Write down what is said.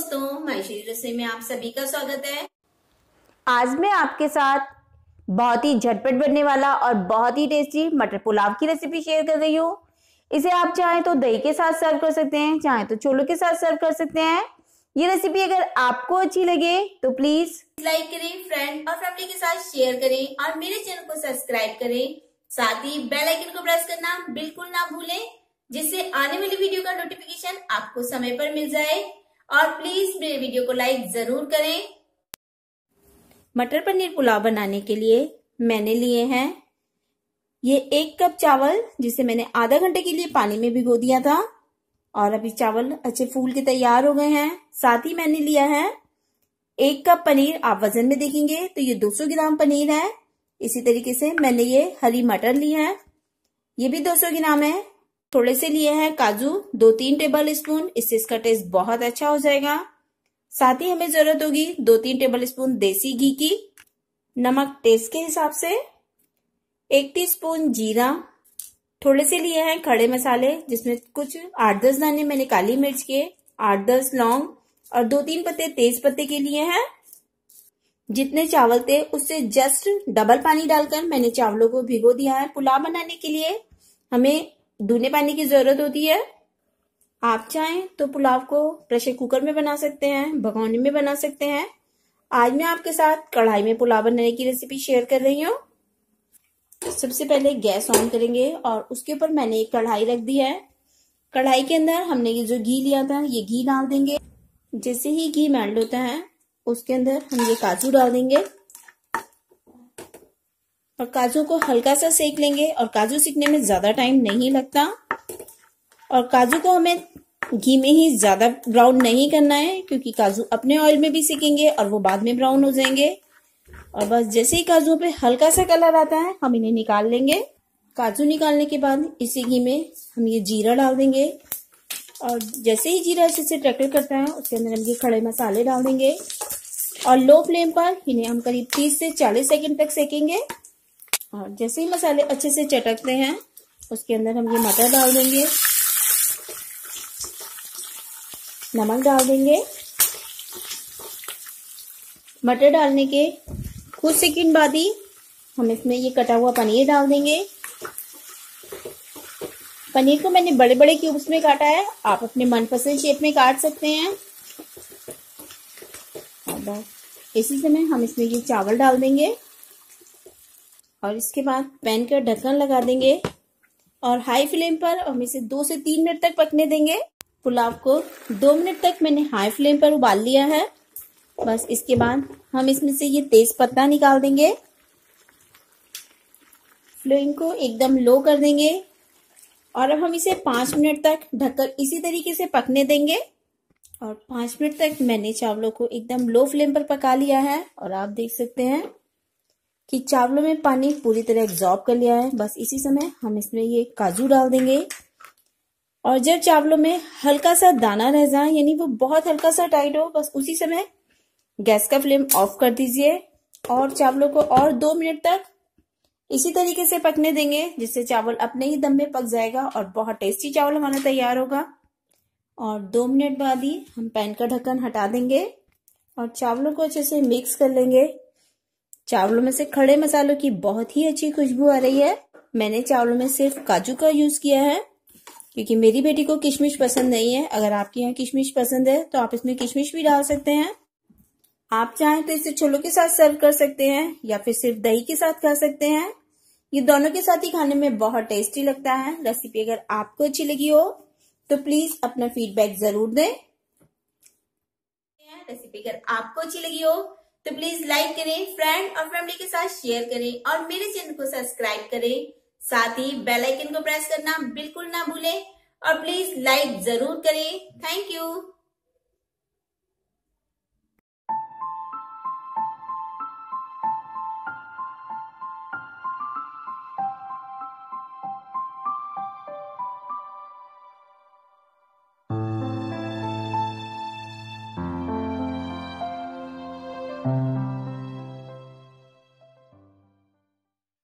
दोस्तों मायशरी रसोई में आप सभी का स्वागत है आज मैं आपके साथ बहुत ही झटपट बनने वाला और बहुत ही टेस्टी मटर पुलाव की रेसिपी शेयर कर रही हूँ इसे आप चाहे तो दही के साथ सर्व कर सकते हैं चाहे तो छोलों के साथ सर्व कर सकते हैं ये रेसिपी अगर आपको अच्छी लगे तो प्लीज लाइक करें फ्रेंड और फैमिली के साथ शेयर करें और मेरे चैनल को सब्सक्राइब करें साथ ही बेल आइकन को प्रेस करना बिल्कुल ना भूलें जिससे आने वाली वीडियो का नोटिफिकेशन आपको समय पर मिल जाए और प्लीज मेरे वीडियो को लाइक जरूर करें मटर पनीर पुलाव बनाने के लिए मैंने लिए हैं ये एक कप चावल जिसे मैंने आधा घंटे के लिए पानी में भिगो दिया था और अभी चावल अच्छे फूल के तैयार हो गए हैं साथ ही मैंने लिया है एक कप पनीर आप वजन में देखेंगे तो ये 200 ग्राम पनीर है इसी तरीके से मैंने ये हरी मटर ली है ये भी 200 ग्राम है थोड़े से लिए हैं काजू दो तीन टेबल स्पून इससे इसका टेस्ट बहुत अच्छा हो जाएगा साथ ही हमें जरूरत होगी दो तीन टेबल स्पून देसी घी की नमक टेस्ट के हिसाब से एक स्पून जीरा थोड़े से लिए हैं खड़े मसाले जिसमें कुछ आठ दस दाने मैंने काली मिर्च के आठ दस लौंग और दो तीन पत्ते तेज पत्ते के लिए हैं जितने चावल थे उससे जस्ट डबल पानी डालकर मैंने चावलों को भिगो दिया है पुलाव बनाने के लिए हमें धुने पानी की जरूरत होती है आप चाहें तो पुलाव को प्रेशर कुकर में बना सकते हैं भगौने में बना सकते हैं आज मैं आपके साथ कढ़ाई में पुलाव बनाने की रेसिपी शेयर कर रही हूँ सबसे पहले गैस ऑन करेंगे और उसके ऊपर मैंने एक कढ़ाई रख दी है कढ़ाई के अंदर हमने ये जो घी लिया था ये घी डाल देंगे जैसे ही घी मेल्ट होता है उसके अंदर हम ये काजू डाल देंगे और काजू को हल्का सा सेक लेंगे और काजू सीखने में ज्यादा टाइम नहीं लगता और काजू को हमें घी में ही ज्यादा ब्राउन नहीं करना है क्योंकि काजू अपने ऑयल में भी सीखेंगे और वो बाद में ब्राउन हो जाएंगे और बस जैसे ही काजू पे हल्का सा कलर आता है हम इन्हें निकाल लेंगे काजू निकालने के बाद इसी घी में हम ये जीरा डाल देंगे और जैसे ही जीरा अच्छे से ट्रैकल करता है उसके अंदर हम ये खड़े मसाले डाल देंगे और लो फ्लेम पर इन्हें हम करीब 30 से 40 सेकंड तक सेकेंगे और हाँ, जैसे ही मसाले अच्छे से चटकते हैं उसके अंदर हम ये मटर डाल देंगे नमक डाल देंगे मटर डालने के कुछ सेकंड बाद ही हम इसमें ये कटा हुआ पनीर डाल देंगे पनीर को मैंने बड़े बड़े क्यूब्स में काटा है आप अपने मनपसंद शेप में काट सकते हैं इसी समय हम इसमें ये चावल डाल देंगे और इसके बाद पैन का ढक्कन लगा देंगे और हाई फ्लेम पर हम इसे दो से तीन मिनट तक पकने देंगे पुलाव को दो मिनट तक मैंने हाई फ्लेम पर उबाल लिया है बस इसके बाद हम इसमें से ये तेज पत्ता निकाल देंगे फ्लेम को एकदम लो कर देंगे और अब हम इसे पांच मिनट तक ढककर इसी तरीके से पकने देंगे और पांच मिनट तक मैंने चावलों को एकदम लो फ्लेम पर पका लिया है और आप देख सकते हैं कि चावलों में पानी पूरी तरह एब्जॉर्ब कर लिया है बस इसी समय हम इसमें ये काजू डाल देंगे और जब चावलों में हल्का सा दाना रह जाए यानी वो बहुत हल्का सा टाइट हो बस उसी समय गैस का फ्लेम ऑफ कर दीजिए और चावलों को और दो मिनट तक इसी तरीके से पकने देंगे जिससे चावल अपने ही दम में पक जाएगा और बहुत टेस्टी चावल हमारा तैयार होगा और दो मिनट बाद ही हम पैन का ढक्कन हटा देंगे और चावलों को अच्छे से मिक्स कर लेंगे चावलों में से खड़े मसालों की बहुत ही अच्छी खुशबू आ रही है मैंने चावलों में सिर्फ काजू का यूज किया है क्योंकि मेरी बेटी को किशमिश पसंद नहीं है अगर आपके यहाँ किशमिश पसंद है तो आप इसमें किशमिश भी डाल सकते हैं आप चाहें तो इसे छोलों के साथ सर्व कर सकते हैं या फिर सिर्फ दही के साथ खा सकते हैं ये दोनों के साथ ही खाने में बहुत टेस्टी लगता है रेसिपी अगर आपको अच्छी लगी हो तो प्लीज अपना फीडबैक जरूर दें रेसिपी अगर आपको अच्छी लगी हो तो प्लीज लाइक करें फ्रेंड और फैमिली के साथ शेयर करें और मेरे चैनल को सब्सक्राइब करें साथ ही बेल आइकन को प्रेस करना बिल्कुल ना भूलें और प्लीज लाइक जरूर करें थैंक यू